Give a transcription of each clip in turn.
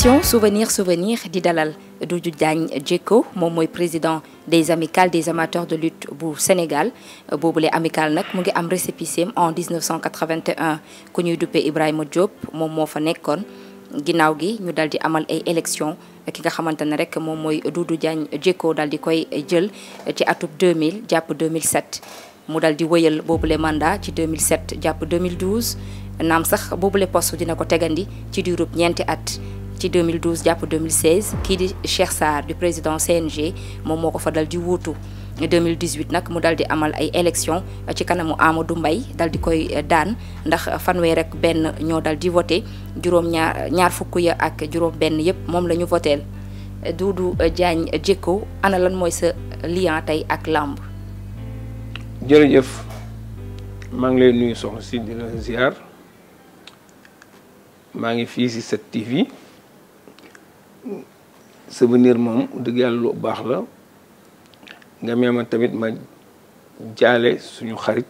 émission souvenir souvenir di dalal Doudou jàng Diécko moom mooy président des amicales des amateurs de lutte bu Sénégal boobule amicale nag mu ngi am récépissé en 1981 ku ñuy duppee Ibrahima Diop moom moo fa nekkoon ginnaaw gi ñu dal di amal ay élections ki nga xamante ne rek moom mooy du Diagne Diécko dal di koy jël ci atub 2000 jàpp 2007 mu dal di wëyal boobule mandat ci 2007 jàpp 2012 naam sax boobule poste dina ko tegandi ci diirub ñeenti at ci 2012 jàpp 2016 kii di Cheikh saar du président CNG moom moo ko fa dal di wuutu 2018 nag mu dal di amal ay élection ci kanamu du mbay dal di koy eh, daan ndax fanweer rek benn ñoo dal di voté juróom ñaar ñaar fukk ya ak juróom benn yépp moom lañu ñu voteel Doudou Diagne Diécko ana lan mooy sa lien tey ak làmb jërëjëf maa ngi lay nuyu soxna si di la ziar maa ngi fii si 7TV souvenir moom dëgg yàlla lu baax la nga meema tamit ma jaale suñu xarit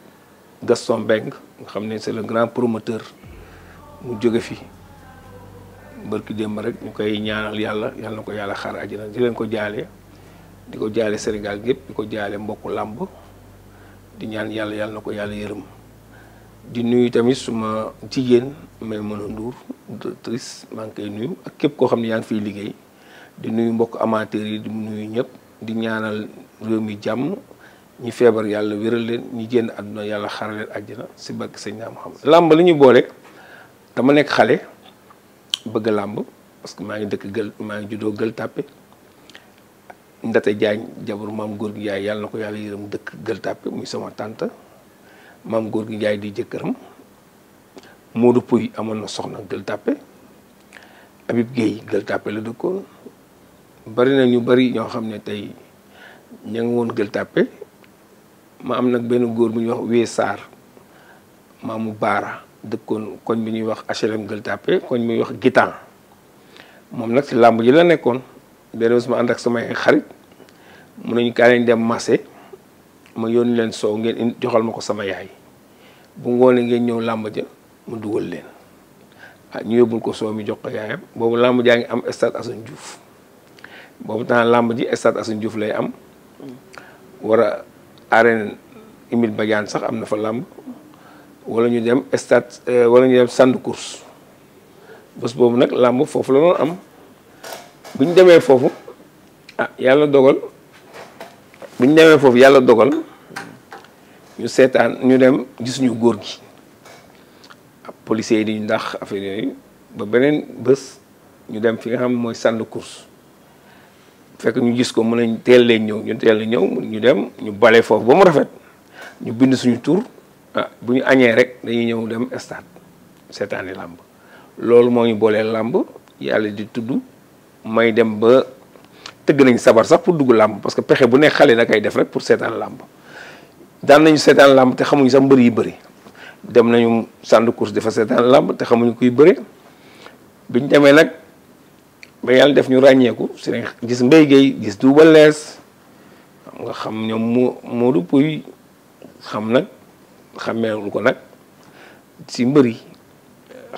Gaston Mbengue nga xam ne c'est le grand promoteur mu jóge fi bërki démb rek ñu koy ñaanal yàlla yàlla na ko yàlla xaar àjjana di leen ko jaale di ko jaale Sénégal gépp di ko jaale mbokk làmb di ñaan yàlla yàlla na ko yàlla yërëm di nuyu tamit suma jigéen may mën a nduur directrice maa ngi nuyu ak képp koo xam ne yaa ngi fiy liggéey di nuyu mbokk amateur yi di nuyu ñëpp di ñaanal réew mi jàmm ñi feebar yàlla wéral leen ñi génn àdduna yàlla xaral leen àjjana si barke sëñ naa Muhammad làmb li ñu boole dama nekk xale bëgg làmb parce que maa ngi dëkk gël maa ngi juddoo gël tàppe Ndate Diagne jabaru maam góor gi Njaay yàlla na ko yàlla yërëm dëkk gël tàppe muy sama tànt maam góor gi jaay di jëkkëram Modou Pouy amoon na soxna gël tàppe Habib Guèye gël tàppe la dëkkoon bari na ñu bari ñoo xam ne tey ña ngi ma am nag benn góor bu ñuy wax wee Sarr maamu Baara dëkkoon koñ bi ñuy wax HLM gël koñ bi wax Gitan moom nag si làmb ji la nekkoon benn bés ma ànd ak samay xarit mun dem marché ma yónni leen soow ngeen indi joxal ma ko sama yaay bu ngoonee ngeen ñëw làmb ja mu dugal leen ah ñu yóbbul ko soow mi jox ko yaayam boobu làmb jaa ngi am stade Assane Diouf boobu temps làmb ji stade Assane Diouf lay am war a arène Imit Badiane sax am na fa làmb wala ñu dem stade euh, wala ñu dem sand course bés boobu nag làmb foofu la doon am bu ñu demee foofu ah yàlla dogal bu ñu demee foofu yàlla dogal ñu seetaan ñu dem gisuñu góor gi ah, policiers yi di ñu ndax affaire yooyu ba beneen bés ñu dem fi nga xam mooy sand course fekk ñu gis ko mën nañ teel leen ñëw ñu teel leen ñëw ñu dem ñu bale foofu ba mu rafet ñu bind suñu tur ah bu ñu añee rek dañuy ñëw dem stade seetaani làmb loolu moo ñu boolee làmb yàlla di tudd may dem ba tëgg nañ sabar sax pour dugg làmb parce que pexe bu ne xale nag ay def rek pour seetaan làmb daan nañu seetaan làmb te xamuñu sax mbër yi bëri dem nañu sànd course dafa seetaan làmb te xamuñu kuy bëri biñ demee nag ba yàlla def ñu ràññeeku si nañ gis Mbaye Guèye gis Double nees xam nga xam ñoom moo Modou Pouy xam nag xammeewul ko nag si mbër yi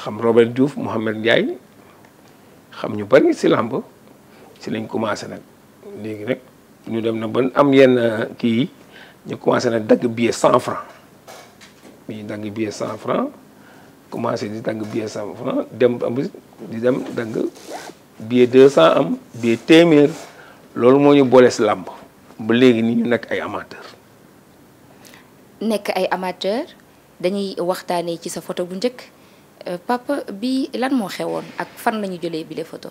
xam Robert Diouf Mouhamed Ndiaye xam ñu bari si làmb si lañ commencé nag léegi nag ñu dem na ba am yenn euh, kii ñu commencé nag dagg billet cent franc ñu dagg billet cent franc commencé di dagg billet cent franc dem di dem dagg billet deux cent am billet téeméer loolu moo ñu boole si làmb ba léegi ni ñu nekk ay amateur nekk ay amateur dañuy waxtaanee ci sa photo bu njëkk euh, papa bi lan moo xewoon ak fan lañu jëlee bile photo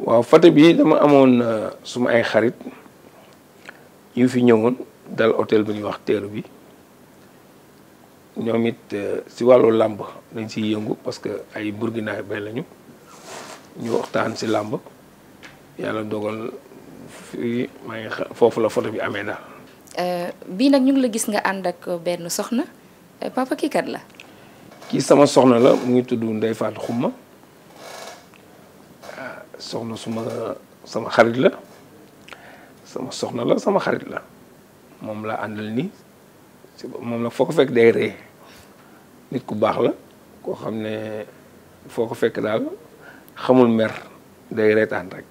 waaw photo bi dama amoon euh, suma ay xarit yu fi ñëwoon dal hôtel bi ñuy wax teeru bi ñoom it euh, si wàllu làmb dañ siy yëngu parce que ay burginaay bay lañu ñu waxtaan si làmb yàlla dogal fii maa ngi foofu la photo bi amee daal. Euh, bii nag ñu ngi la gis nga ànd ak benn soxna euh, papa kii kat la. kii sama soxna la mu ngi tudd Ndeye Fatou Xuma ah, soxna suma sama xarit la sama soxna la sama xarit la moom laa àndal nii moom la foo ko fekk day ree nit ku baax la koo xam ne foo ko fekk daal. xamul mer day reetaan rek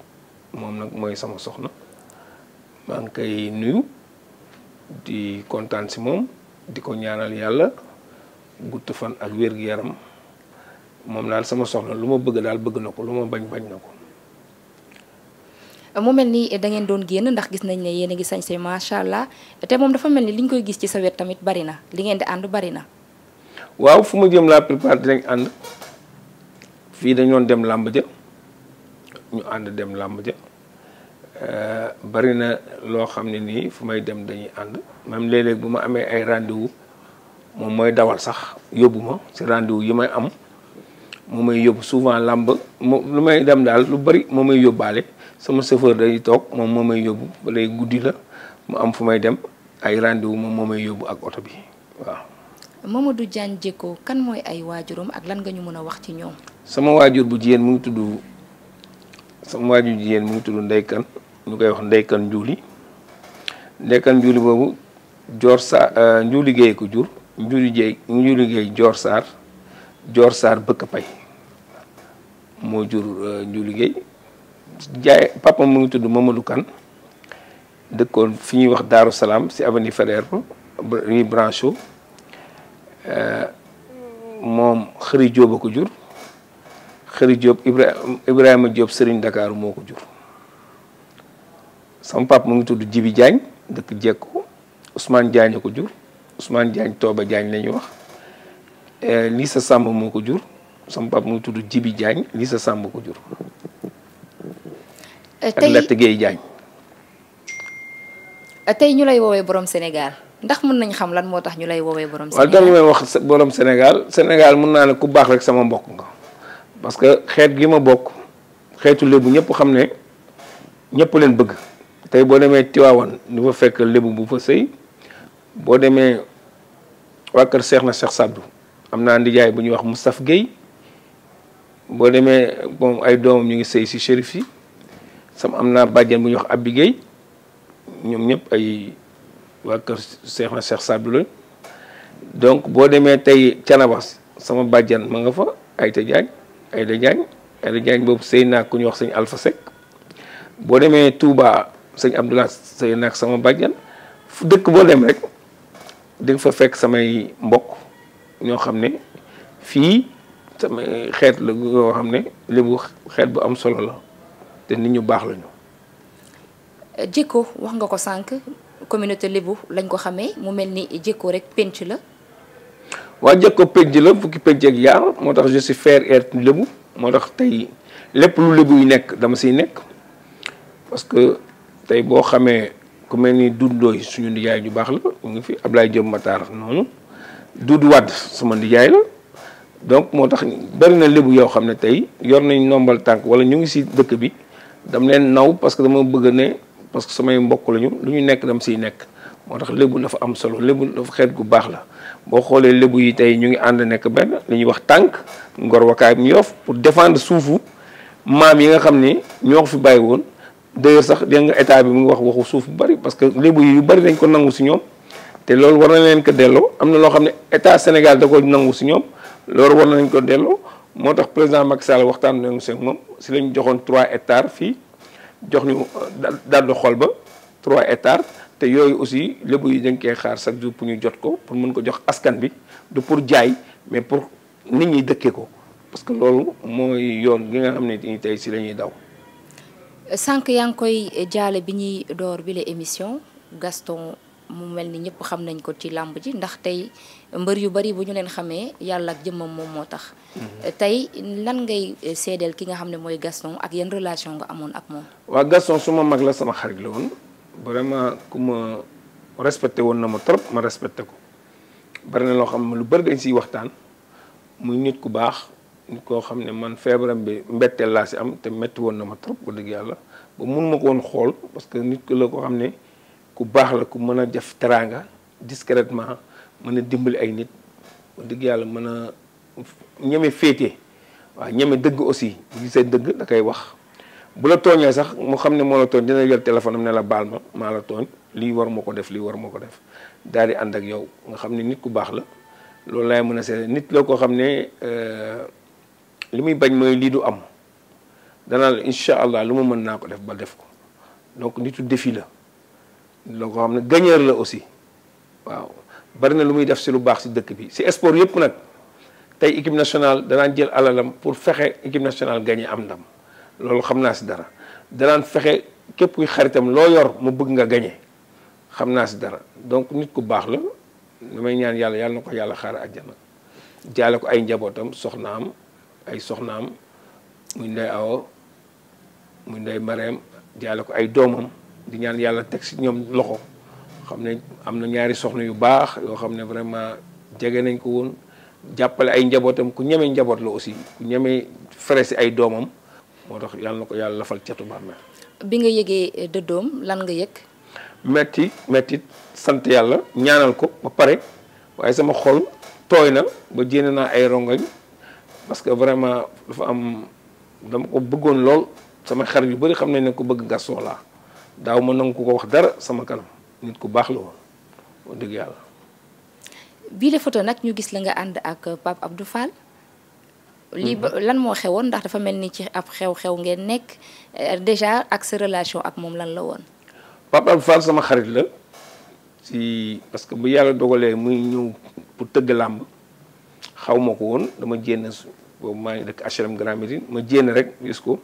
moom nag mooy sama soxna maa ngi koy nuyu di kontaan si moom di ko ñaanal yàlla gudd fan ak wér-gu-yaram moom daal sama soxna lu ma bëgg daal bëgg na ko lu ma bañ bañ na ko. mu mel ni dangeen doon génn ndax gis nañ ne yéen a ngi sañse macha allah te moom dafa mel ni li ñu koy gis ci sa wet tamit bari na li ngeen di ànd bari na. waaw fu ma jëm la plupart dinañ ànd fii dañoon dem làmb ja ñu ànd dem làmb ja eh, bari na loo xam ne nii fu may dem dañuy ànd même léeg bu ma amee ay rendez moom mooy dawal sax yóbbu ma si rendez yi may am moo may yóbbu souvent làmb moom lu may dem daal lu bari moo may yóbbaale sama chauffeur day toog moom moo may yóbbu ba guddi la mu am fu may dem ay rendez-vous moom moo may yóbbu ak oto bi waaw. Mamadou du Diécko kan mooy ay waajuram ak lan nga ñu mën a wax ci ñoom. sama waajur bu jigéen mu ngi tudd sama waajur bu jigéen mu ngi tudd ndeykan ñu koy wax ndeykan njuuli ndeykan njuuli boobu joor saar euh, njuuli géey jur njuuli géey njuuli géey joor saar joor saar bëkk pay moo jur euh, njuuli géey jaay papa mu ngi tudd Mamadou Kan dëkkoon fi ñuy wax Daaru Salaam si avenue Faidherbe rue Branchot euh, moom xëri jóoba ko jur Xëri Diop Ibrahima Ibrahima Diop Serigne Dakar moo ko jur sama pap mu ngi tudd Jibi Diagne dëkk Jekko Ousmane Diagne ko jur Ousmane jaañ Tooba Diagne la ñuy wax eh, Lissa Samb moo ko jur sama pap mu ngi tudd Jibi Diagne Lissa Samb ko jur. Eh, tey ak Lett Gueye Diagne. Eh, ñu lay woowee borom Sénégal ndax mën nañ xam lan moo tax ñu lay woowee borom. Sénégal wax borom Sénégal Sénégal mun naa ne ku baax rek sama mbokk nga. parce que xeet gi ma bokk xeetu léebu ñëpp xam ne ñëpp leen bëgg tey boo demee Tiwaawan nu fa fekk lébu bu fa sëy boo demee waa kër Seex na Seex Saddu am naa ndijaay bu ñuy wax mu saf Guèye boo demee moom ay doomam ñu ngi sëy si shérif yi sama am naa bàjjen bu ñuy wax Abbi Guèye ñoom ñëpp ay waa kër Seex na Seex Saddu donc boo demee tey Canabas sama bàjjen ma nga fa ay te Aïda Diagne Aïda Diagne boobu sëy naa ku ñuy wax sëñ Alpha Seck boo demee Touba sëñ Abdoulaye sëy nag sama bàjjan fu dëkk boo dem rek di nga fa fekk samay mbokk ñoo xam ne fii sama xeet la yoo xam ne lébu xeet bu am solo la te nit ñu baax lañu jikko wax nga ko sànq communauté lébu lañ ko xamee mu mel ni jikko rek penc la waa Jokko penc la fukki penc ak yaar moo tax je suis fier d'être moo tax tey lépp lu lébu yi nekk dama siy nekk parce que tey boo xamee ku mel ni dundooy suñu nijaay ju baax la mu ngi fi Ablaye Diop Matar noonu Doudou Wade sama nijaay la donc moo tax bari na lébu yoo xam ne tey yor nañ nombal tànk wala ñu ngi si dëkk bi dam leen naw parce que dama bëgg ne parce que samay mbokk lañu lu ñu nekk dama siy nekk moo tax lébu dafa am solo lébu dafa xeet gu baax la boo xoolee lébu yi tey ñu ngi ànd nekk benn li ñuy wax tànk ngoro wakaay bu ñu yof pour défendre suufu maam yi nga xam ni ñoo ko fi bàyyi woon d'ailleurs sax dégg nga état bi mu wax waxu suuf bu bëri parce que lébu yu bëri dañ ko nangu si ñoom te loolu war na leen ko delloo am na loo xam ne état Sénégal da ko nangu si ñoom loolu war na leen ko delloo moo tax président Macky Sall waxtaan nañu seen moom si lañ joxoon 3 hectares fii jox ñu di xol ba trois hectares te yooyu aussi lébu yi dañ koy xaar chaque jour pour ñu jot ko pour mën ko jox askan bi du pour jaay mais pour nit ñi dëkkee ko parce que loolu mooy yoon gi nga xam ne ni tey si lañuy daw. sànq yaa ngi koy jaale bi ñuy door bi la émission Gaston mu mel ni ñëpp xam nañ ko ci làmb ji ndax tey mbër yu bari bu ñu leen xamee yàlla ak jëmmam moom moo tax. Mhm. tey lan ngay seedeel ki nga xam ne mooy Gaston ak yan relation nga amoon ak moom. waa Gaston suma mag la sama xarit la vraiment ku ma respecté woon na ma trop ma respecté ko bari na loo xam ne lu bari dañ siy waxtaan muy nit ku baax nit koo xam ne man feebaram bi mbetteel laa si am te metti woon na ma trop ba dëgg yàlla ba mun ma ko woon xool parce que nit ku la koo xam ne ku baax la ku mën a def teraanga discrètement mën a dimbali ay nit ba dëgg yàlla mën a ñeme féete waaw ñeme dëgg aussi bu gisee dëgg da koy wax bu la tooñee sax mu xam ne moo la tooñ dina jël téléphone ne la baal ma maa la tooñ liy war ma ko def lii war ma ko def daal di ànd ak yow nga xam ne nit ku baax la loolu laay mën a seet nit la koo xam ne euh, li muy bañ mooy lii du am dana la incha allah lu ma mën naa ko def ba def ko donc nitu défi la la koo xam ne gagneur la aussi waaw bari na lu muy def si lu baax si dëkk bi si sport yëpp nag tey équipe nationale danaa jël alalam pour fexe équipe nationale gagné am ndam loolu xam naa si dara danaan fexe képp kuy xaritam loo yor mu bëgg nga gañe xam naa si dara donc nit ku baax la damay ñaan yàlla yàlla na ko yàlla xaar àjjana jaale ko ay njabootam soxnaam ay soxnaam muy ndey awo muy ndey mareem jaale ko ay doomam di ñaan yàlla teg si ñoom loxo xam ne am na ñaari soxna yu baax yoo xam ne vraiment jege nañ ko woon jàppale ay njabootam ku ñeme njaboot la aussi ku ñeme fere si ay doomam moo tax yàlla na ko yàlla lafal catu bàmmeel bi nga yëgee eh, dëddoom lan nga yëg metti metti sant yàlla ñaanal ko ba pare waaye sama xol tooy na ba jéene naa ay rongoñ parce que vraiment dafa am dama ko bëggoon lool sama xar yu bari xam ne ne ko bëgg Gaston laa daaw ma nangu ko ko wax dara sama kanam nit ku baax la woon wax dëgg yàlla bii la photo nag ñu gis la nga ànd ak Pape Abdou Fall lii mhm. ba lan moo xewoon ndax dafa mel ni ci ab xew-xew ngeen nekk eh, déjà ak sa relation ak moom lan la woon. Pape Abdou sama xarit la si parce que bu yàlla dogalee muy ñëw pour tëgg làmb xaw ma ko woon dama jénn boobu maa ngi dëkk HLM Grand Médine ma jénn rek gis ko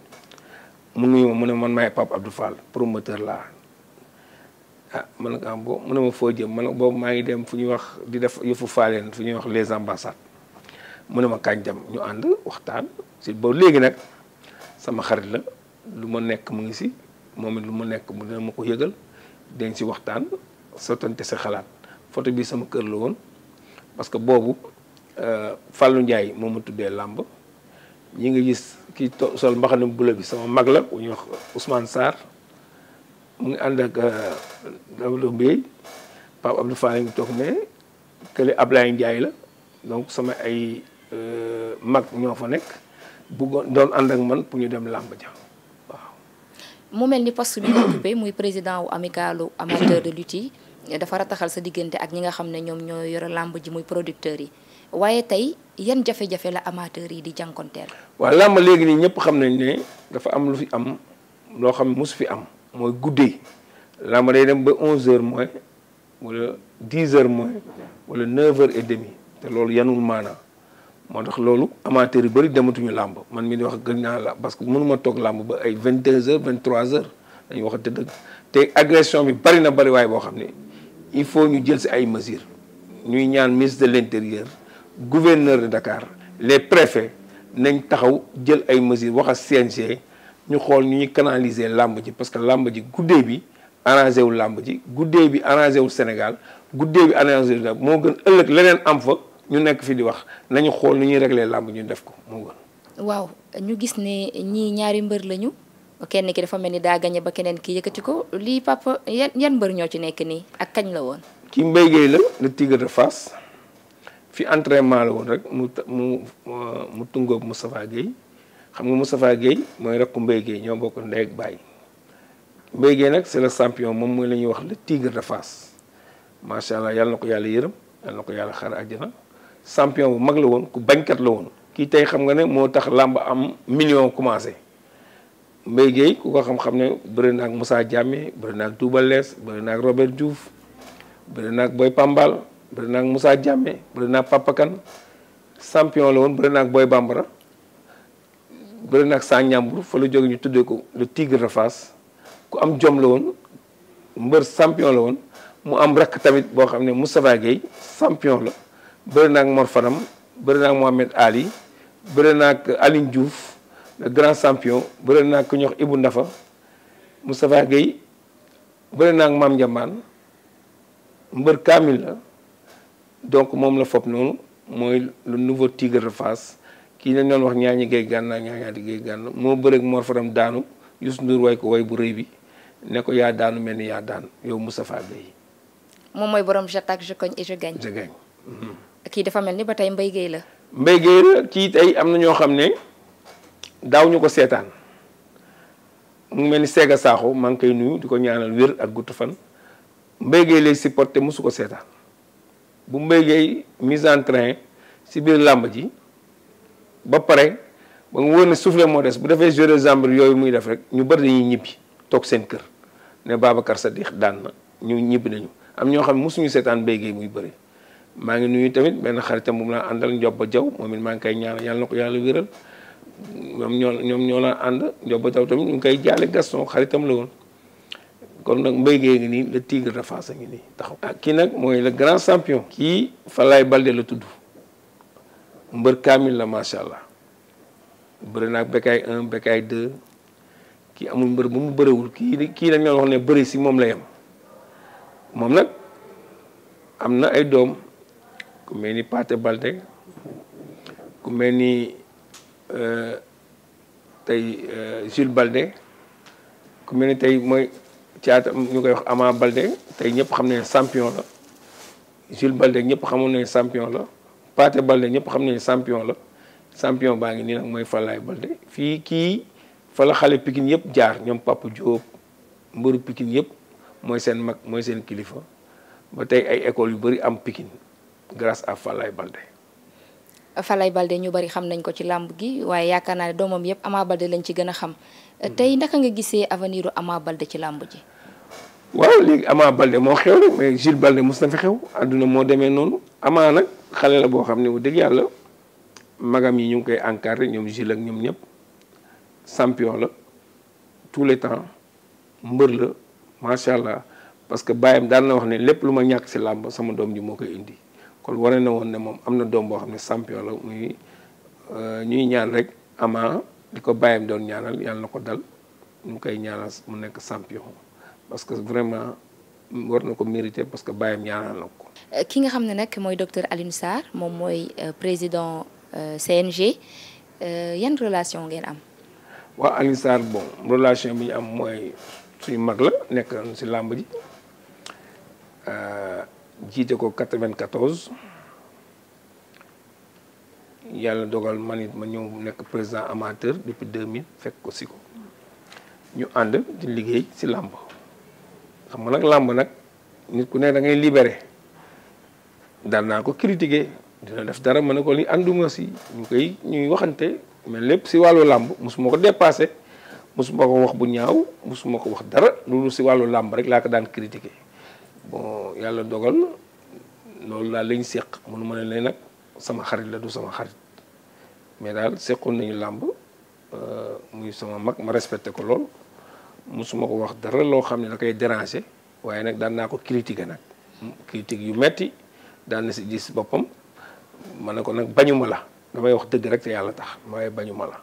mu nuyu ma mu ne man maay Pape laa ah man nga am ah, bo mu ne ma foo jëm man boobu maa ngi dem fu ñuy wax di def yëfu faaleen fu ñuy wax les ambassades. mu ne ma kañ dem ñu ànd waxtaan si boobu léegi nag sama xarit la lu ma nekk mu ngi si moom it lu ma nekk mu dina ma ko yëgal dañ si waxtaan sottante si xalaat photo bii sama kër la woon parce que boobu euh, Fallou njaay moo ma tuddee làmb ñi nga gis ki sol mbaxana bula bi sama mag la bu ñuy wax Ousmane Sarr mu ngi ànd ak euh, Abdou Mbaye Pape Abdou Fall ngi toog ne kële Ablaye Ndiaye la donc sama ay Euh, mag ñoo fa nekk bëggoon doon ànd ak man pour ñu dem làmb ja waaw. mu mel ni poste bi occupé muy président wu amicalu amateur de lutte yi dafa rataxal sa diggante ak ñi nga xam ne ñoom ñoo yore làmb ji muy producteur yi waaye tey yan jafe-jafe la amateur yi di jànkonteel. waa làmb léegi nii ñëpp xam nañ ne dafa am lu fi am loo xam ne mosu fi am mooy guddee làmb day dem ba 11h moins wala 10h et demi te loolu yanul maanaa moo tax loolu amateur yu bëri dematuñu làmb man mi di wax gën naa la parce que mënuma toog làmb ba ay vingt deux heures vingt trois heures dañu waxante dëgg te agression bi bëri na bari waaye boo xam ne il faut ñu jël si ay mesures ñuy ñaan ministre de l'intérieur gouverneur de Dakar les préfets nañ taxaw jël ay mesures wax a CNG ñu xool ñu ñuy canaliser làmb ji parce que làmb ji guddee bi arrangé wu làmb ji guddee bi arrangé wu Sénégal guddee bi arrangé moo gën ëllëg leneen am fa ñu nekk fi di wax nañu xool nu ñuy régler làmb ñu def ko moo gën. waaw ñu gis ni ñii ñaari mbër lañu kenn ki dafa mel ni daa gañe ba keneen ki yëkkati ko lii papa yan yan mbër ñoo ci nekk nii ak kañ la woon. ki Mbaye Guèye la le tigre de Fass fi entraînement la woon rek mu mu mu tungoog Moustapha xam nga Moustapha Guèye mooy rakku Mbaye Guèye ñoo bokk ndey ak baay Mbaye Guèye nag c'est le champion moom mooy la ñuy wax le tigre de Fass macha allah yàlla ko yàlla yërëm na ko yàlla xar àjjana. champion bu mag la woon ku bañkat la woon kii tey xam nga ne moo tax làmb am million commencé Mbaye Guèye ku ko xam-xam ne bëri na ak Moussa Diame bëri na ak Touba Lees bëri na ak Robert Diouf bëri na ak Boy Pambal bëri na ak Moussa Diame bëri la woon bëri Boy Bambara bëri na ak Sa Ndiambour fa la ñu tuddee ko lu tigre de ku am jom la woon mbër champion la woon mu am rakk tamit boo xam ne Moustapha Guèye champion la bëri na ak Mor Fadam bëri na ak Mohamed Ali bëri na ak Aline grand champion bëri ku ñuy wax Ibou Ndafa Moustapha Guèye bëri na ak mbër kaamil la donc moom la fopp noonu mooy le nouveau tigre de Fass kii lañ doon wax ñaañi gay gànn naa moo bëri ak Mor daanu Youssou Ndour way ko way bu rëy bi ne ko yaa daanu mel ni yaa daanu yow Moustapha Guèye moom mooy borom j'attaque je cogne et je mhm. kii dafa mel ni ba tey Mbaye Guèye la. Mbaye kii tey am na ñoo xam ne daaw ñu ko seetaan mu mel ni Sega Sakho maa ngi koy nuyu di ko ñaanal wér ak gudd fan Mbaye Guèye lay supporté mosu ko seetaan bu Mbaye Guèye mise en train si biir làmb ji ba pare ba nga wóor ne soufflé moo des bu defee jeu de jambe yooyu muy def rek ñu bari dañuy ñibbi toog seen kër ne Babacar Sadikh daan na ñu ñibbi nañu am ñoo xam ne mosuñu seetaan Mbaye Guèye muy bëri. maa ngi nuyu tamit benn xaritam bu mu laa àndal Ndioba Diaw moom it maa ngi koy ñaanal yàlla na ko yàlla wéral ñoom ñoo ñoom ñoo laa ànd Ndioba Diaw tamit ñu ngi koy jaale Gaston xaritam la woon kon nag mbéy gee ngi nii le tigre de Fass ngi nii taxaw. ah kii nag mooy le grand champion. kii Falaye Balde la tudd mbër kaamil la macha allah bëri naag bekkaay un bekkaay deux kii amul mbër bu mu bëriwul kii kii dañu leen wax ne bëri si moom la yem moom nag am na ay doom. ku mel ni Pathé Baldé euh, euh, ku mel ni tey Jules Baldé ku mel tey mooy caata ñu koy wax Ama Baldé tey ñëpp xam ne sampion la Jules balde ñëpp xamoon ne sampion la Pathé Baldé ñëpp xam ne champion la champion baa ngi nii nag mooy Falaye balde fii kii fa xale Pikine yëpp jaar ñoom Papa Diop mbëru Pikine yëpp mooy seen mag mooy seen kilifa ba tey ay école yu bari am Pikine grace à Falaye Balde. Falaye Balde ñu bari xam nañ ko ci làmb gi waaye yaakaar naa ne doomam yëpp Ama Balde lañ ci gën a xam hmm. tey naka nga gisee avenir Ama Balde ci làmb ji. waaw léegi Ama Balde moo xew rek mais xew àdduna moo demee noonu Ama nag xale la boo xam ne bu dëgg yàlla magam yi ñu ngi koy encadré ñoom Gilles ak ñoom ñëpp champion la tous les temps mbër la macha allah parce que bàyyam daan na wax ne lépp lu ma ñàkk si làmb sama doom ji moo koy indi. kon wane na woon ne moom am na doom boo xam ne sampion la muy euh, ñuy ñaan rek ama di ko bàyyam doon ñaanal yàlla na ko dal ñu koy ñaanal mu nekk sampion parce que vraiment war na ko mérité parce que bàyyam ñaanal na ko. Euh, ki nga xam ne nag mooy docteur Alioune moom mooy euh, président CNG yan relation ngeen am. waaw Alioune Sarr bon relation bi ñu am mooy suñu mag la nekk si làmb ji. jiite ko 94 yàlla dogal man it ma ñëw nekk président amateur depuis 2000 fekk ko si ko ñu ànd di liggéey si làmb xam nga nag làmb nag nit ku ne da ngay libéré daan naa ko critiquer dina def dara ma ne ko li ànduma si ñu koy ñuy waxante mais lépp si wàllu làmb mosuma ko dépassé mosuma ko wax bu ñaaw musuma ko wax dara loolu si wàllu làmb rek laa ko daan critiquer. bon yàlla dogal loolu daal lañ seq mënu ma ne leen nag sama xarit la du sama xarit mais daal seqoon nañu làmb euh, muy sama mag ma respecté ko lool musuma ko wax dara loo xam ne da koy déranger waaye nag daan naa ko critiquer nag critique yu metti daan na si gis boppam ma ne ko nag bañuma la damay wax dëgg rek te yàlla tax waaye bañuma la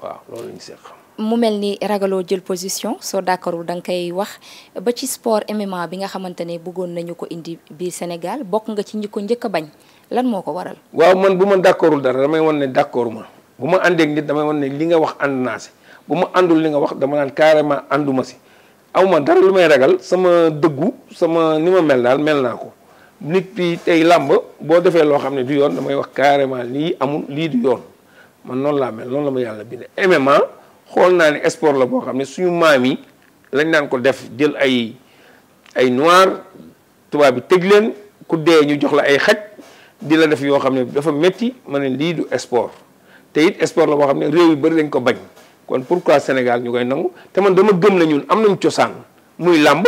waaw loolu lañ seq mu mel ni ragaloo jël position soo d'accordul danga nga koy wax ba ci sport MMA bi nga xamante ne bëggoon nañu ko indi biir Sénégal bokk nga ci ñi ko njëkk a bañ lan moo ko waral. waaw man bu ma d'accordul dara damay wan ne d'accord ma bu ma àndee ak nit damay wan ne li nga wax ànd naa si bu ma àndul li nga wax dama naan carrément ànduma si awma dara lu may ragal sama dëggu sama ni ma mel daal mel naa ko nit bi tey làmb boo defee loo xam ne du yoon damay wax carrément lii amul lii du yoon man laa mel xool naa ne sport la boo xam ne suñu maam yi lañ naan ko def jël ay ay noir tubaab bi tëj leen ku dee ñu jox la ay xaj di la def yoo xam ne dafa métti ma ne lii du sport te it sport la boo xam ne réew yu bëri lañ ko bañ kon pour pourquoi Sénégal ñu koy nangu te man dama gëm na ñun am nañ cosaan muy làmb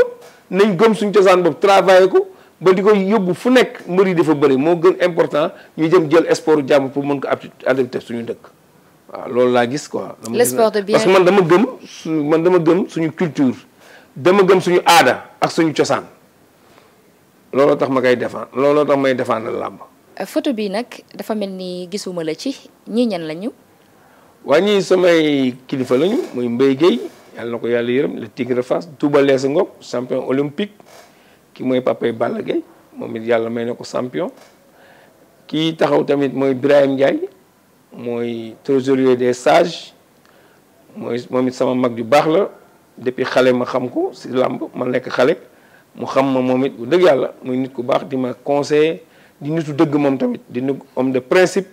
nañ gëm suñ cosaan boobu travailler ko ba di ko yóbbu fu nekk mbër yi dafa bëri moo gën important ñu jëm jël sport jàmm pour mën ko adapté suñu dëkk waaw loolu laa gis ko le sport man dama gëm suñu man dama gëm suñu culture. dama gëm suñu aada ak suñu cosaan looloo tax ma koy defaan looloo tax may defaanal làmb. Euh, photo bi nag dafa mel ni gisuma la ci ñii ñan lañu. waa ñii samay kilifa lañu muy Mbaye Guèye yàlla na ko yàlla yërëm le tigre de Fass Touba champion olympique ki mooy papay Balla Guèye moom it yàlla may na ko champion kii taxaw tamit mooy Birahim Ndiaye. mooy trésorier des sages mooy moom it sama mag ju baax la depuis xale ma xam ko si làmb ma nekk xale mu xam ma moom it bu dëgg yàlla muy nit ku baax di ma conseiller di nitu dëgg moom tamit di nu homme de principe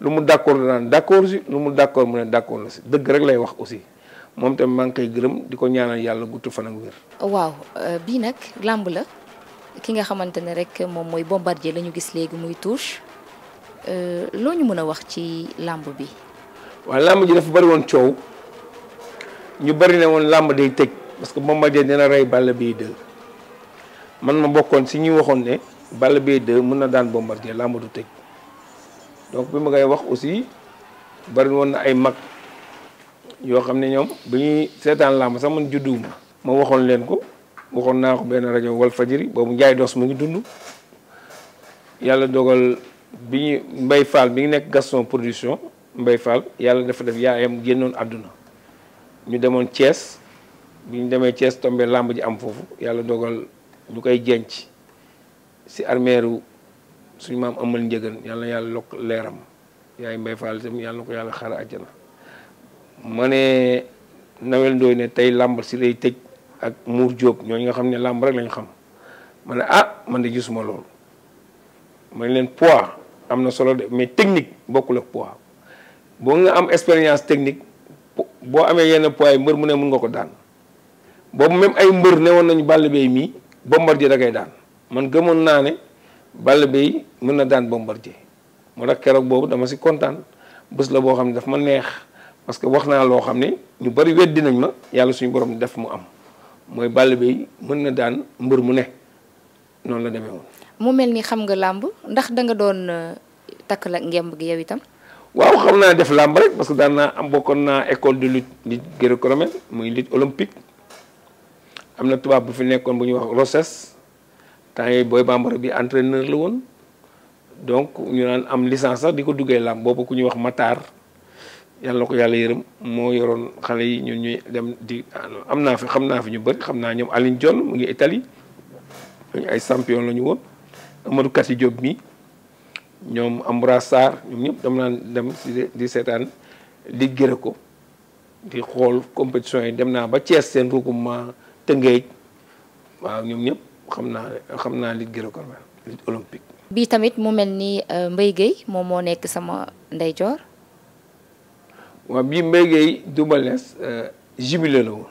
lu mu d'accord daan d'accord si lu mu d'accord mu ne d'accord la si dëgg rek lay wax aussi moom tamit maa ngi koy gërëm di ko ñaanal yàlla gudd fan ak wér. waaw euh, bii nag làmb la ki nga xamante ne rek moom mooy bombardier la gis léegi muy touche. Euh, loo ñu mën a wax ci làmb bi. waaw làmb ji dafa bari woon coow ñu bari ne woon làmb day tëj parce que Bombardier dina rey Balla Gaye 2 man ma bokkoon si ñuy waxoon ne Balla bee 2 mën na daan Bombardier làmb du tëj donc bi ma koy wax aussi bari woon na ay mag yoo xam ne ñoom bi ñuy seetaan làmb sax man judduwuma ma waxoon leen ko waxoon naa ko benn rajo Walfadjri boobu Ndiaye Dos mu ngi dund yàlla dogal. bi ñu mbay Fall bi ngi nekk Gaston production mbay Fall yàlla dafa def yaayam génnoon àdduna ñu demoon cees bi ñu demee cees tombé làmb ji am foofu yàlla dogal ñu koy jenc si armeeru suñu maam amal njëgal yàlla yàlla lokk leeram yaay Mbaye Fall itam yàlla ko yàlla xaar àjjana ma ne Nawel Ndoye ne tey làmb si lay tëj ak Mour Diop ñooñu nga xam ne làmb rek lañu xam ma ne ah man de gisuma loolu ma ne leen poids am na solo de mais technique bokkul ak poids boo nga am expérience technique boo amee yenn poids yi mbër mu ne mun nga ko daan boobu même ay mbër newoon nañu Balla Gaye mii Bombardier da koy daan man gëmoon naa ne Balla Gaye mën na daan bombar ji moo tax keroog boobu dama si kontaan bés la boo xam ne daf ma neex parce que wax naa loo xam ne ñu bari weddi nañ ma yàlla suñu borom def mu am mooy Balla Gaye mën na daan mbër mu ne noonu la demee woon mu mel ni xam nga làmb ndax da nga doon euh, takk la ngemb gi yow itam. waaw xam naa def làmb rek parce que daan naa am bokkoon naa école de lutte lutte gréco-romaine muy lutte olympique am na tubaab bu fi nekkoon bu ñuy wax Rosses temps booy bambara bi entraîneur la woon donc am licence sax di ko duggee làmb boobu ku ñuy wax Matar yàlla na ko yàlla yërëm moo yoroon xale yi ñun ñuy dem di ah, am naa fi xam naa fi ñu bëri xam naa ñoom Aline John mu ngi Italie ñu ay champion la ñu woon. Amadou Kassi Diop bi ñoom Ambroise Sarr ñoom ñëpp dama naan dem si di seetaan di gërë ko di xool compétition yi dem naa ba Thiès seen regroupement Tëngéej waaw ñoom ñëpp xam naa xam naa li gërë ko olympique. bii tamit mu mel ni euh, Mbaye Guèye moom moo nekk sama ndeyjoor. waaw bii Mbaye Guèye Double Less euh, jubilé la woon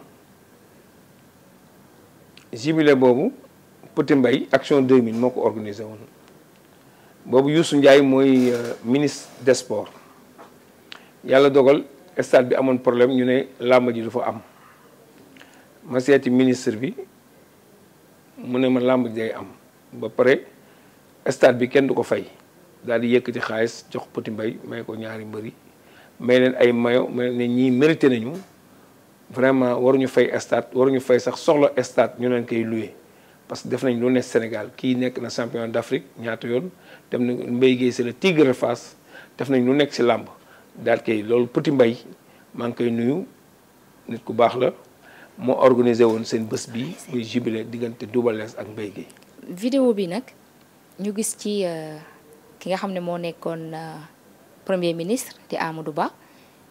jubilé boobu. Petit mbay action 2000 moo ko organisé woon boobu Youssou Ndiaye mooy euh, ministre des sports yàlla dogal stade bi amoon problème ñu ne làmb ji du fa am ma seeti ministre bi mu ne ma làmb ji day am ba pare stade bi kenn du ko fay daal di yëkkati xaalis jox Petit mbay may ko ñaari mbëri may leen ay mayo may ne ñii mérité nañu vraiment waruñu fay stade waruñu fay sax soxla stade ñu leen koy loué. parce que def nañ lu ne Sénégal kii nekk na champion d'Afrique ñaata yoon dem na Mbaye Guèye c'est le tigre de def nañ lu nekk ci làmb daal kay loolu petit mbay maa ngi koy nuyu nit ku baax la moo organisé woon seen bës bi muy jubilé diggante Double Less ak Mbaye Guèye. vidéo bi nag ñu gis ci euh, ki nga xam ne moo nekkoon euh, premier ministre di Amadou Ba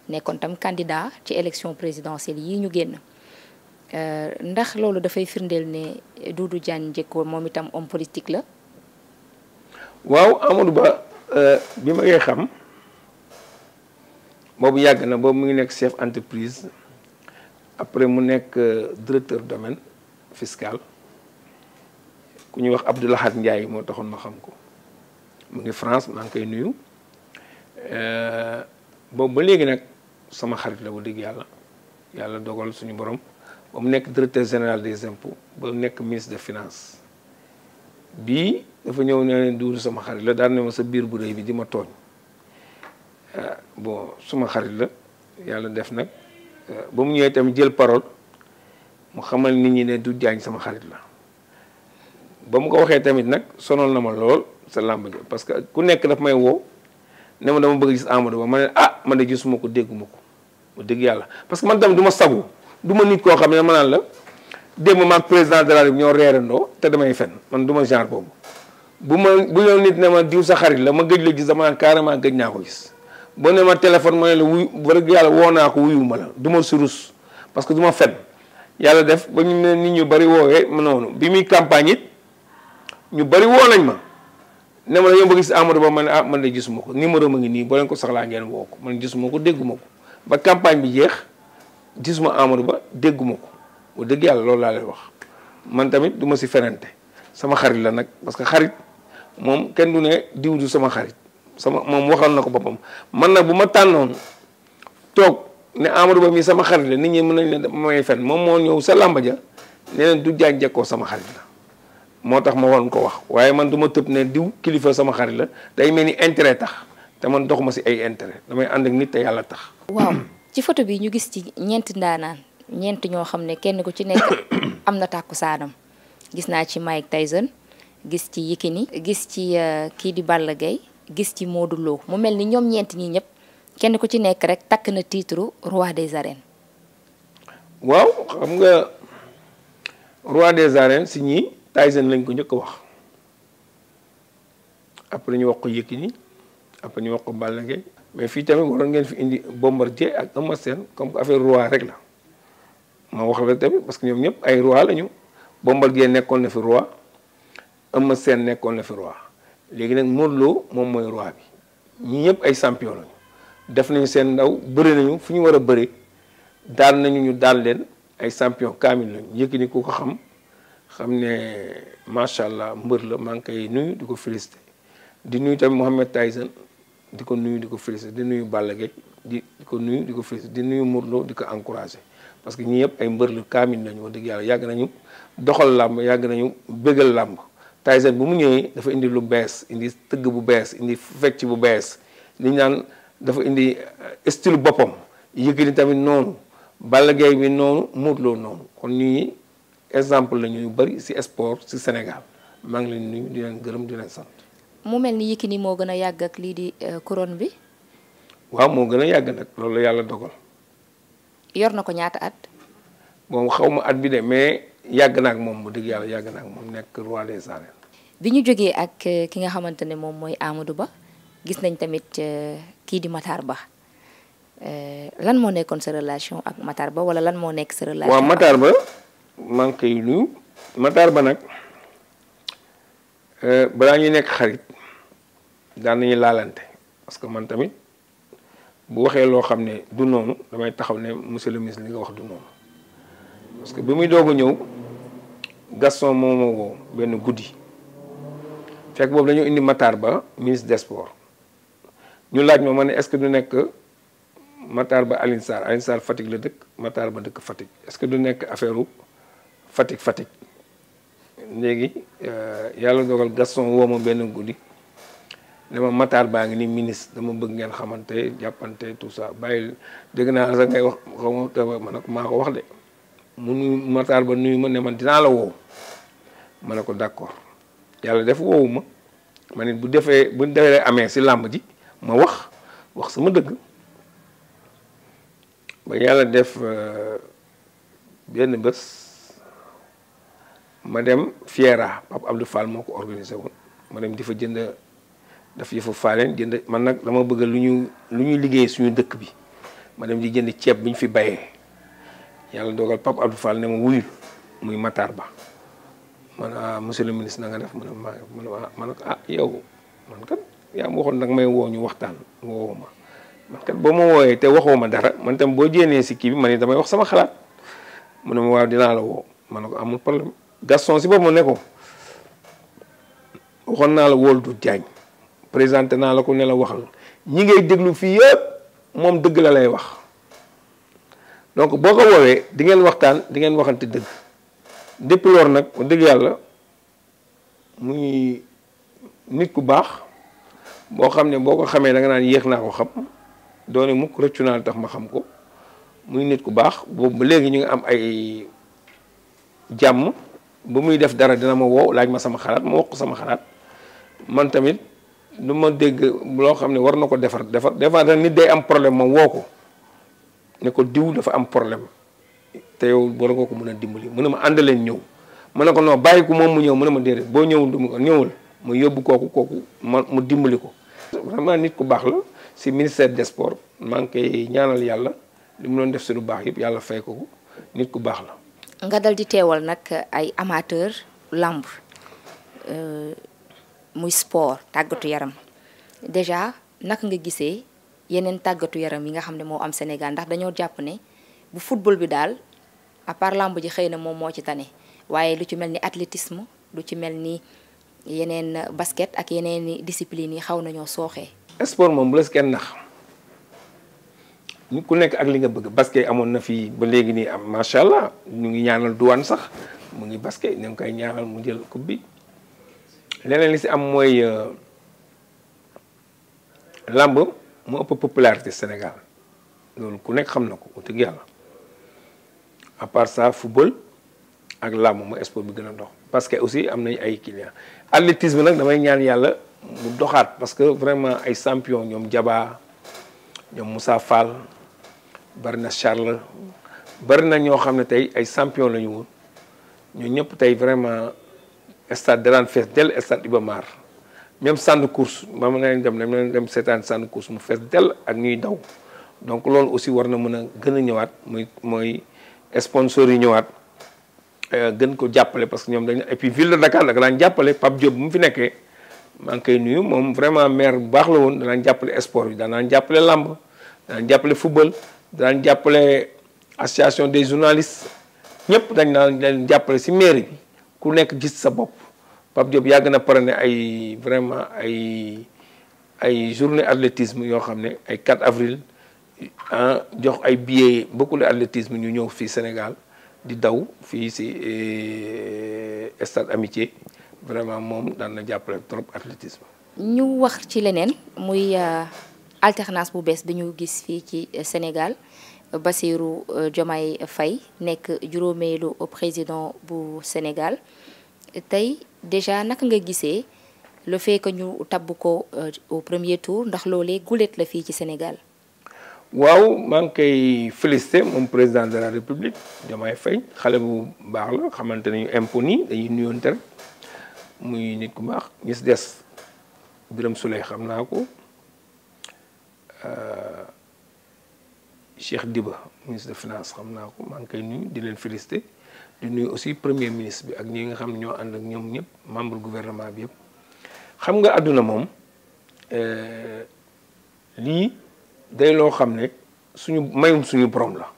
nekkoon tam candidat ci élection présidentielle yi ñu génn. Euh, ndax loolu dafay firndeel ne Doudou Diagne Diecko moom itam homme politique la. waaw Amadou Ba euh, bi ma ngay xam boobu yàgg na boobu mu ngi nekk chef entreprise après mu nekk euh, directeur domaine fiscal ku ñuy wax Abdoulahat Ndiaye moo taxoon ma xam ko mu ngi France maa ngi koy nuyu boobu ba léegi nag sama xarit la bu dëgg yàlla yàlla dogal suñu borom. ba mu nekk directeur général des impôts ba mu nekk ministre de finances bii dafa ñëw ne leen sama xarit la daan ne ma sa biir bu rëy bi di ma tooñ ah, bo suma xarit la yàlla def nag ah, ba mu ñëwee tamit jël parole mu xamal nit ñi ne du jaañ sama xarit la ba mu ko waxee tamit nag sonal na ma lool sa làmb ji parce que ku nekk daf may woo ne ma dama bëgg gis Amadou Ba ma ne ah man de gisuma ko dégguma ko mu dégg yàlla parce man tamit du sagu du ma nit koo xam ne ma la démb maag président de la République ñoo reerandoo te damay fen man du ma genre boobu bu ma bu ñëw nit ne ma diw sa xarit la ma gëj la gis dama naan naa ko gis boo ne ma téléphone ma ne la yàlla woo naa ko wuyuma la surus parce que du ma fen yàlla def ba ñu ne nit ñu bari woowee noonu bi muy campagne ñu bari woo nañ ma ne ma la yomb a gis Amadou Ba ma ne ah man de gisuma ko numéro ma ngi nii boo leen ko soxlaa ngeen woo ko man gisuma ko dégguma ko ba campagne bi jeex ma Amadou Ba dégguma ko bu dëgg yàlla loolu laa lay wax man tamit du ma si ferante sama xarit la nag parce que xarit moom kenn du ne diw du sama xarit sama moom waxoon na ko boppam man nag bu ma tànnoon toog ne Amadou Ba mii sama xarit la nit ñi mën nañ leen may fen moom moo ñëw sa làmba ja ne leen du jaan jekkoo sama xarit la moo tax ma wan ko wax waaye man du ma tëb ne diw kilifa sama xarit la day mel ni intérêt tax te man doxuma si ay intérêt damay ànd nit te yàlla tax ci photo bi ñu gis ci ñeenti ndaanaan ñeenti ñoo xam ne kenn ku ci nekk am na tàkku saanam gis naa ci Mike Tyson gis ci Yekini gis ci euh, kii di Balla Gaye gis ci Modou Lo mu mel ni ñoom ñeenti ñi ñëpp kenn ku ci nekk rek takk na titre roi des arènes waaw xam nga roi des arènes si ñii Tyson lañ ko njëkk wax après ñu wax ko Yekini après ñu wax ko Balla Gaye mais fii tamit waroon ngeen fi indi Bombardier ak Eumeu seen comme que affaire roi rek la ma wax la tamit parce que ñoom ñëpp ay roi lañu Bombardier nekkoon na fi roi Eumeu Sène nekkoon na fi roi léegi nag Modou Lo moom mooy roi bi ñii ñëpp ay champion lañu def nañu seen ndaw bëri nañu fu ñu war a bëri daal nañu ñu daal leen ay champion kaamil lañu Yékini ku ko xam xam ne macha allah mbër la maa ngi koy nuyu di ko félicité di nuyu tamit Mohamed Tyson di ko nuyu di ko féliciter di nuyu Balla Gaye di ko nuyu di ko féliciter di nuyu Modou di ko encourager parce que ñii yëpp ay mbër la kaamil nañu wax dëgg yàlla yàgg nañu doxal làmb yàgg nañu bëggal làmb Tyson bu mu ñëwee dafa indi lu bees indi tëgg bu bees indi fecc bu bees li ñu naan dafa indi euh, style boppam Yékini tamit noonu Balla Gaye bi noonu Modou Lo noonu kon ñii exemple lañu ñuy bëri si sport si Sénégal maa ngi leen nuyu di gërëm dinañ leen mu mel ni ni moo gën a yàgg ak lii di euh, couronne bi. waaw moo gën a yàgg nag loolu yàlla dogal. yor na ko ñaata at. moom xaw ma at bi de mais yàgg na moom mu dëgg yàlla yàgg na moom nekk roi des arènes. bi ñu jógee ak euh, ki nga xamante ne moom mooy Amadou Ba gis nañ tamit euh, kii di Matar Ba lan moo nekkoon sa relation ak Matar Ba wala lan moo nekk sa relation. waaw Matar Ba maa ngi koy nuyu Ba nag. Euh, balaa ñuy nekk xarit daan nañu laalante parce que man tamit bu waxee loo xam ne du noonu damay taxaw ne monsieur le ministre li nga wax du noonu parce que bi muy doog a ñëw Gaston moo benn guddi fekk boobu dañoo indi Matar Ba ministre des sports ñu laaj ma ma ne est-ce que du nekk Matar Ba Alioune Sarr Alioune la dëkk Matar Ba dëkk Fatick est-ce que du nekk affaire Fatick Fatick. léegi euh, yàlla dogal Gaston woo ma benn guddi ne ma Matar baa ngi ni ministre dama bëgg ngeen xamante jàppante tout ça bàyyil dëgg naa sax ngay wax ma ma ko maa ko wax de mu nuyu Matar ba nuyu ma ne man dinaa la woow ma ne ko d'accord yàlla def woowu ma ma ne bu defee bu defee amee si làmb ji ma wax wax sama dëgg ba yàlla def euh, benn bés ma dem Fiera Pape Abdou Fall moo ko organisé woon ma di fa jënd daf yëfu faaleen jënd man nag dama bëgg lu ñu lu ñuy liggéey suñu dëkk bi ma dem di jënd ceeb bi ñu fi bayee yàlla dogal Pape Abdou Fall ne ma wuyul muy Matar Ba man ah monsieur le ministre na nga def ma ne ma ah, ma ne ko ah yow man kat yaa ma waxoon nag may woo ñu waxtaan woo ma man kat boo ma wooyee te waxoo ma dara man tam boo jéenee si kii bi man damay wax sama xalaat mu ne ma waaw dinaa la woo ma a ko amul problème. Gaston si boobu ma ne ko waxoon naa la Wóoldu Diagne présenté naa la ko ne la waxal ñi ngay déglu fii yëpp moom dëgg la lay wax donc boo ko woowee di ngeen waxtaan di ngeen waxante dëgg depuis loolu nag ko dëgg yàlla muy nit ku baax boo xam ne boo ko xamee da nga naan yéex naa ko xam doone mukk rëccu naa tax ma xam ko muy nit ku baax boobu ba léegi ñu ngi am ay jàmm ba muy def dara dina ma wow laaj ma sama xalaat ma wax sama xalaat man tamit lu ma dégg loo xam ne war na ko defar defar defar da nit day am problème ma woo ko ne ko diw dafa am problème te yow war nga ko mën a dimbali mu ne ma àndaleen ñëw ma ne ko non bàyyi ko moom mu ñëw mu ne ma déedéet boo ñëwul du ma ko ñëwul mu yóbbu kooku kooku ma mu dimbali ko. vraiment nit ku baax la si ministère de sports maa ngi ñaanal yàlla li mu doon def si lu baax yëpp yàlla fay ko nit ku baax la. nga dal di teewal nag ay amateur lamb euh, muy sport tàggatu yaram déjà naka nga gisee yeneen tàggatu yaram yi nga xam ne moo am Sénégal ndax dañoo jàpp ne bu football bi daal à part ji xëy na moom moo ci tane waaye lu ci mel ni athlétisme lu ci mel ni yeneen basket ak yeneen discipline yi xaw nañoo sooxee. sport moom bu la kenn nax. ku nekk ak li nga bëgg basket amoon na fii ba léegi nii am macha allah ñu ngi ñaanal duwaan sax mu ngi basket ñu ngi koy ñaanal mu jël coupe bi leneen li si am mooy euh, làmb mu ëpp popularité Sénégal loolu ku nekk xam na ko uti yàlla apart part ça football ak làmb mu sport bi gën a dox parce que aussi am nañ ay clients athlétisme nag damay ñaan yàlla mu doxaat parce que vraiment ay champion ñoom Jaba ñoom Moussa bari na Charles bari na ñoo xam ne tey ay champion la ñu woon ñu ñëpp tey vraiment stade daraan fees dell stade Iba Mar même sànn course ma mën leen dem ne leen dem seetaan sànn course mu fees dell ak ñuy daw donc loolu aussi war na mën a gën a ñëwaat muy mooy sponsors yu ñëwaat euh, gën ko jàppale parce que ñoom dañu et puis ville de Dakar nag daan jàppale Pape Diop mu fi nekkee maa ngi koy nuyu moom vraiment maire bu baax la woon danaan jàppale sport bi danaan jàppale làmb danaan jàppale football daan jàppale association des journalistes ñëpp dañ naan leen jàppale si mairie bi ku nekk gis sa bopp Pape Diop yàgg na pare ne ay vraiment ay ay journée athlétisme yoo xam ne ay 4 avril ah jox ay billets beaucoup de athlétisme ñu ñëw fii Sénégal di daw fii si eh, stade Amitié vraiment moom daan na jàppale trop athlétisme. ñu wax ci leneen muy. Euh, alternance bu bees bi gis fii ci euh, Sénégal euh, Bassirou euh, Diomaye fay nekk juróomeelu président bu Sénégal tey déjà naka nga gisee le fait que ñu tabb ko au premier tour ndax loole guléet la fii ci Sénégal. waaw maa ngi koy félicité moom président de la République Diomaye Faye xale bu baax la xamante ne ñu imponi dañuy nuyoonte rek muy nit ku baax gis des Birame Souleye xam naa ko. Euh, Cheikh Diba ministre de finance xam naa ko maa ngi koy nuyu di leen félicité di nuyu aussi premier ministre bi ak ñi nga xam ñoo ànd ak ñoom ñëpp membre gouvernement bi yëpp xam nga àdduna moom euh, lii day loo xam ne suñu mayum suñu borom la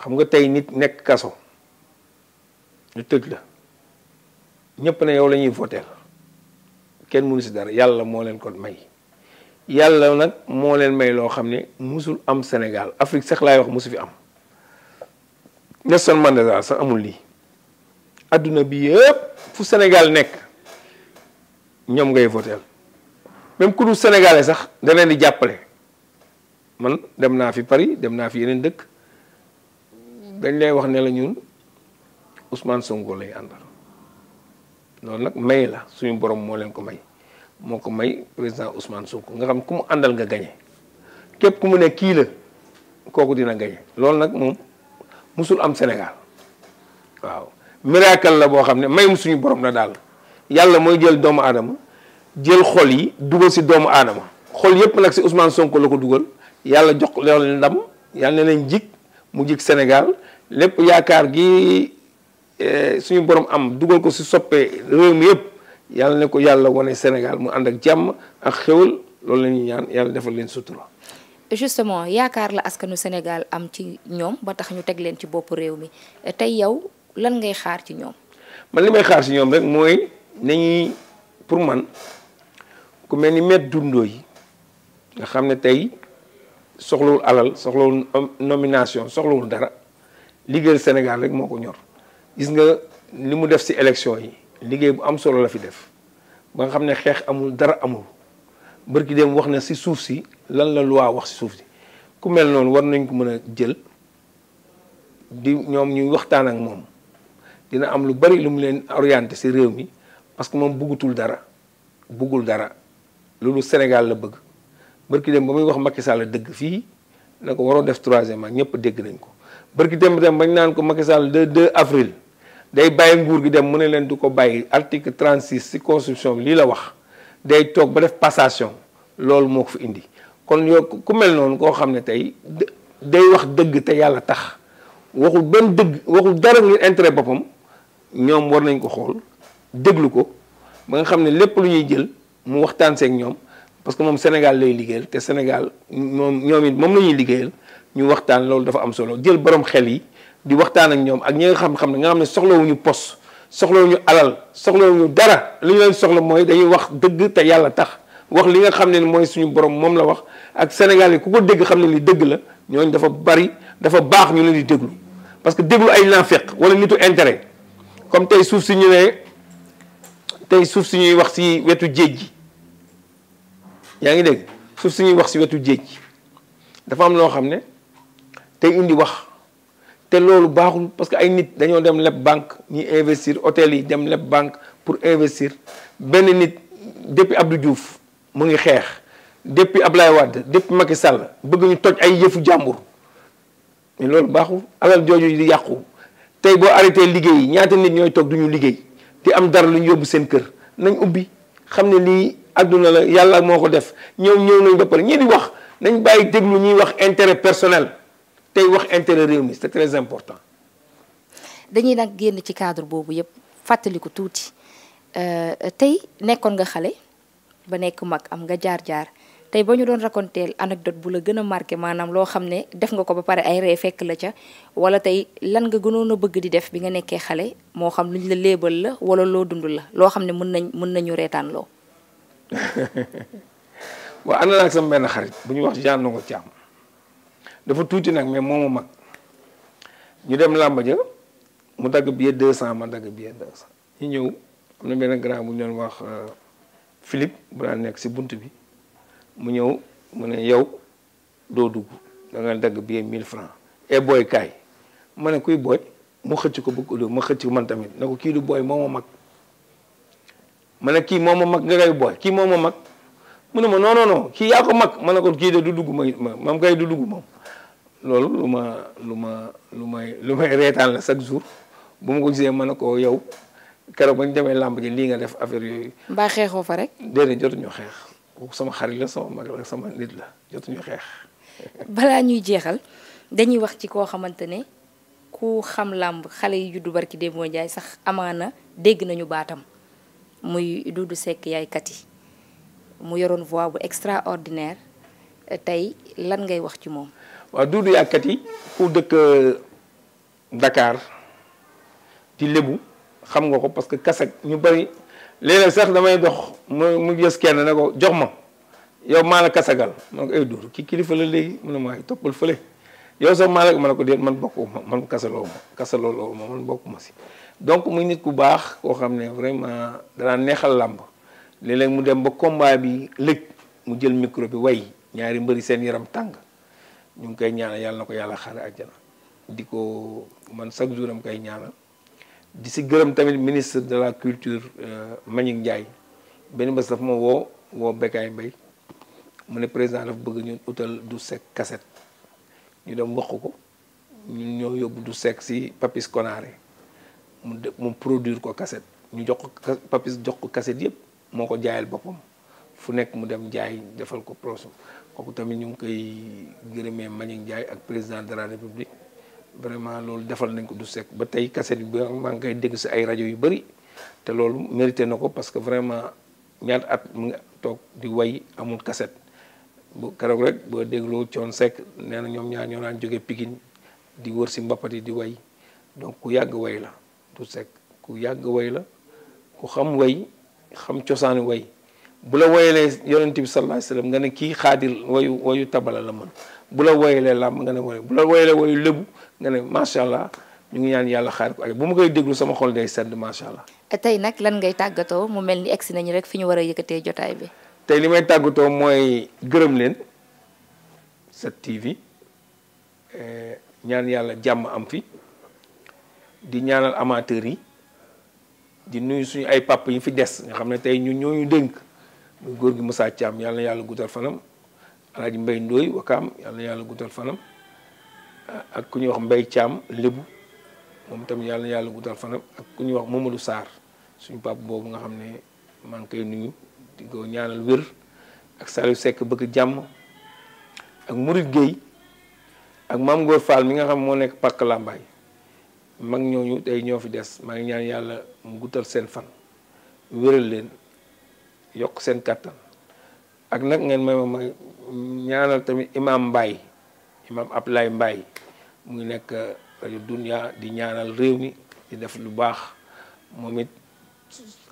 xam nga tey nit nekk kaso ñu tëj la ñëpp ne yow la ñuy voteel kenn munu si dara yàlla moo leen kon may yàlla nag moo leen may loo xam ne musul am Sénégal Afrique sax laay wax musu fi am Nelson Mandela sax amul lii adduna bi yëpp fu Sénégal nekk ñoom ngay voteel même ku dul sax da di jàppale man dem naa fi Paris dem naa fi yeneen dëkk dañ lay wax nela la ñun Ousmane Sonko lay àndal loolu nag may la suñu borom moo leen ko may moo ko may président Ousmane Sonko nga xam ku mu àndal nga gañe képp ku mu ne kii la kooku dina gañe loolu nag moom musul am Sénégal waaw miracle la boo xam ne may mu suñu borom na daal yàlla mooy jël doomu aadama jël xol yi dugal si doomu aadama xol yépp nag si Ousmane Sonko la ko dugal yàlla jox leen ndam yàlla na leen jig mu jig Sénégal lépp yaakaar gi eh, suñu borom am dugal ko si soppe réew mi yépp yàlla ne ko yàlla wane Sénégal mu ànd ak jàmm ak xéwal loolu lañuy ñuy ñaan yàlla defal leen sutura. justement yaakaar la askanu Sénégal am ci ñoom ba tax ñu teg leen ci boppu réew mi tey yow lan ngay xaar ci ñoom. man li may xaar ci ñoom rek mooy nañuy pour man ku mel ni met dundoo yi nga xam ne tey soxlawul alal soxlawul nomination soxlawul dara liggéeyal Sénégal rek moo ko ñor gis nga li mu def ci élection yi. liggéey bu am solo la fi def ba nga xam ne xeex amul dara amul bërki dem wax na si suuf si lan la lu waa wax si suuf si ku mel noonu war nañ ko mën a jël di ñoom ñuy waxtaan ak moom dina am lu bari lu mu leen orienté si réew mi parce que moom bëggutul dara buggul dara lu Sénégal la bëgg bërki dem ba muy wax Macky Sall dëgg fii na ko waroo def troisième ak ñëpp dégg nañ ko bërki dem dem bañ naan ko Macky de 2 2 avril day bàyyi nguur gi dem mu ne leen du ko bàyyi article 36 ci constitution bi lii la wax day toog ba def passation loolu moo ko fi indi kon yow ku mel noonu koo xam ne tey day wax dëgg te yàlla tax waxul benn dëgg waxul dara ngir intérêt boppam ñoom war nañ ko xool déglu ko ba nga xam ne lépp lu ñuy jël mu waxtaan seek ñoom parce que moom Sénégal lay liggéeyal te Sénégal moom ñoom it moom la ñuy liggéeyal ñu waxtaan loolu dafa am solo jël borom xel yi di waxtaan ak ñoom ak ñi nga xam-xam ne nga xam ne soxlawuñu pos soxlawuñu alal soxlawuñu dara li ñu leen soxla mooy dañuy wax dëgg te yàlla tax wax li nga xam ne mooy suñu borom moom la wax ak Sénégal yi ku ko dégg xam ne li dëgg la ñooñ dafa bari dafa baax ñu leen di déglu parce que déglu ay naafeq wala nitu intérêt comme tey suuf si ñu ne tey suuf si ñuy wax si wetu géej gi yaa ngi dégg suuf si ñuy wax si wetu géej gi dafa am loo xam ne tey indi wax. te loolu baaxul parce que ay nit dañoo dem leb banque ñuy investir hôtel yi dem leb banque pour investir benn nit depuis Abdou Diouf mu ngi xeex depuis Ablaye Wade depuis Macky Sall bëgg ñu toj ay yëfu jàmbur mais loolu baaxul alal jooju di yàqu tey boo arrêté liggéey ñaata nit ñooy toog du ñu liggéey di am dara lu ñu yóbbu seen kër nañ ubbi xam ne lii àdduna la yàlla moo ko def ñoom ñëw nañ ba pare ñii di wax nañ bàyyi lu ñuy wax intérêt personnel. tey wax intérêt réew mi c'est très important. dañuy nag génn ci cadre boobu yëpp fàttaliku tuuti euh, tey nekkoon nga xale ba nekk mag am nga jaar-jaar tey ba ñu doon raconteel anecdote bu la gën a marqué maanaam loo xam ne def nga ko ba pare ay ree fekk la ca wala tey lan nga gënoon a bëgg di def bi nga nekkee xale moo xam luñ la léebal la wala loo dund la loo xam ne mën nañ mën nañu reetaan loo. waaw ànd naa ak sama benn xarit bu ñu wax Jean Ndongo Thiam. dafa tuuti nag mais moomu mag ñu dem làmb ja mu dagg billet deux cent ma dagg billet deux cent ñu ñëw am na benn grand bu ñu doon wax euh, Philippe bu naa nekk si bunt bi mu ñëw mu ne yow doo dugg da nga dagg billet mille francs e booy kaay ma ne kuy booy mu xëcc ko bëgg ma xëcc man tamit na ko kii du booy moo ma mag ma ne kii moom ma mag nga koy booy kii moom ma mag mu ne ma non non non kii yaa ko mag ma ne ko kii de du dugg ma ma mam kay du dugg moom loolu lu ma lu ma lu may lu may reetaan la chaque jour bu ma ko gisee mën na ko yow keroog ba ñu demee làmb ji lii nga def affaire yooyu. mbaa xeexoo fa rek. déedéet jotuñu xeex sama xarit la sama mag la sama xeex. balaa ñuy jeexal dañuy wax ci koo xamante ne ku xam làmb xale yi juddu barki Demba Ndiaye sax amaana dégg nañu baatam muy Doudou sekk yaay kati mu yoroon voix bu extraordinaire tey lan ngay wax ci moom. waaw duudu yàkkat yi ku dëkk euh, Dakar di lébu xam nga ko parce que kasak ñu bëri léeg sax damay dox mu mu gis kenn ne ko jox ma yow maa la kasagal ma ko ay eh, duudu ki kilifa la léegi mu ne maa ngi toppal fële yow sax maa ma ne ko déet man bokkuma man kasaloo ma kasaloo bokkuma si donc muy nit ku baax koo xam ne vraiment danaa neexal làmb léeg mu dem ba combat bi lëj mu jël micro bi way ñaari mbëri seen yaram tàng ñu ngi koy ñaanal yàlla na ko yàlla xaare àjjana di ko man chaque jour am koy ñaanal di si gërëm tamit ministre de la culture euh, Mbagnick Ndiaye benn bés dafa ma woo woo Bécaye mbay mu ne président dafa bëgg ñun utal du sec cassette ñu dem wax ko ñu ñoo yóbbu du sec si Papis konaare mu de mu produir ko cassette ñu jox Papis jox ko cassette yëpp moo ko jaayal boppam fu nekk mu dem jaay defal ko proche kooku tamit ñu ngi koy gërëmee Manick Ndiaye ak président de la république vraiment loolu defal nañ ko du sec ba tey cassette ba maa ngi koy dégg si ay rajo yu bëri te loolu mérité na ko parce que vraiment ñaata at mu nga toog di way amul cassette bu keroog rek boo dégloo coon sec nee na ñoom ñaar ñoo daan jóge pikin di wër si mbappat yi di way donc ku yàgg way la du sec ku yàgg way la ku xam way xam cosaani way bu la woyalee yonent bi sallallahu alayhi nga ne kii xaadir wayu wayu tabala la mën bu la woyalee làmb nga ne wayu bu la woyalee wayu lépp nga ne macha allah ñu ngi ñaan yàlla xaar ko ak bu ma koy déglu sama xol day sedd macha allah. tey nag lan ngay tàggatoo mu mel ni si nañu rek fi ñu war a tey jotaay bi. tey li may tàggatoo mooy gërëm leen 7TV eh, ñaan yàlla jàmm am fi di ñaanal amateurs yi di nuyu suñu ay papa yi fi des nga xam ne tey ñun ñoo ñu dénk. muy góor gi Moussa Thiam yàlla na yàlla guddal fanam alaaji Mbay Ndooy Wakaam yàlla na yàlla guddal fanam ak ku ñuy wax Mbay Thiam lébu moom tamit yàlla yàlla guddal fanam ak ku ñuy wax Mamadou Sarr suñu pap boobu nga xam ne maa ngi koy nuyu di ko ñaanal wér ak Saliou Seck bëgg jàmm ak Mouride Gueye ak Maam Góor Fall mi nga xam moo nekk Parc Lambaye mag ñooñu tey ñoo fi des maa ngi ñaan yàlla mu guddal seen fan wéral leen yokk seen kàttan ak nag ngeen may ma ñaanal tamit imam mbaay imam Ablaye mbaay mu ngi nekk uh, rajo di ñaanal réew mi di def lu baax moom it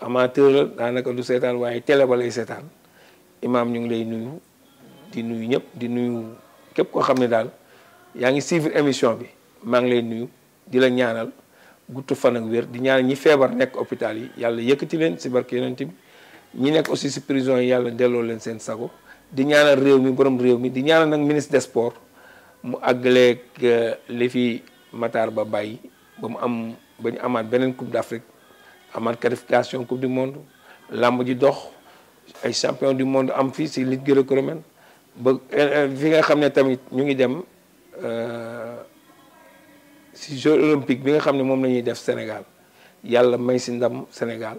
amateur la daanaka lu seetaan waaye télé ba seetaan imam ñu ngi lay nuyu di nuyu ñëpp di nuyu képp koo xam ne daal yaa ngi suivre émission bi maa ngi lay nuyu di la ñaanal gudd fan ak wér di ñaanal ñi feebar nekk hôpital yi yàlla yëkkati leen si barke yonent bi ñi nekk aussi si prison yi yàlla delloo leen seen sago di ñaanal réew mi borom réew mi di ñaanal nag ministre des sports mu àggaleeg euh, li fi Matar Ba bàyyi ba mu am ba ñu amaat beneen coupe d'Afrique amaat qualification coupe du monde làmb ji dox ay champion du monde am fii si ligue gréco ba euh, fi nga xam ne tamit ñu ngi dem euh, si jeux olympique bi nga xam ne moom la ñuy def Sénégal yàlla may si ndam Sénégal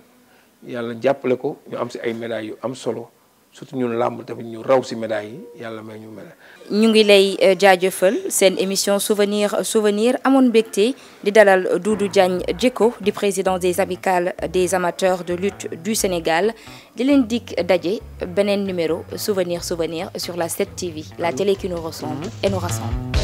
yàlla jàppale ko ñu am si ay médailles yu am solo surtout ñun làmb tamit ñu raw si médailles yi yàlla may ñu médaille ñu ngi lay euh, jaajëfal seen émission souvenir souvenir amoon mbégte di dalal Doudou Diagne Diécko di président des amicales des amateurs de lutte du Sénégal di leen dig daje beneen numéro souvenir souvenir sur la 7 TV la télé qui nous ressemble et nous rassemble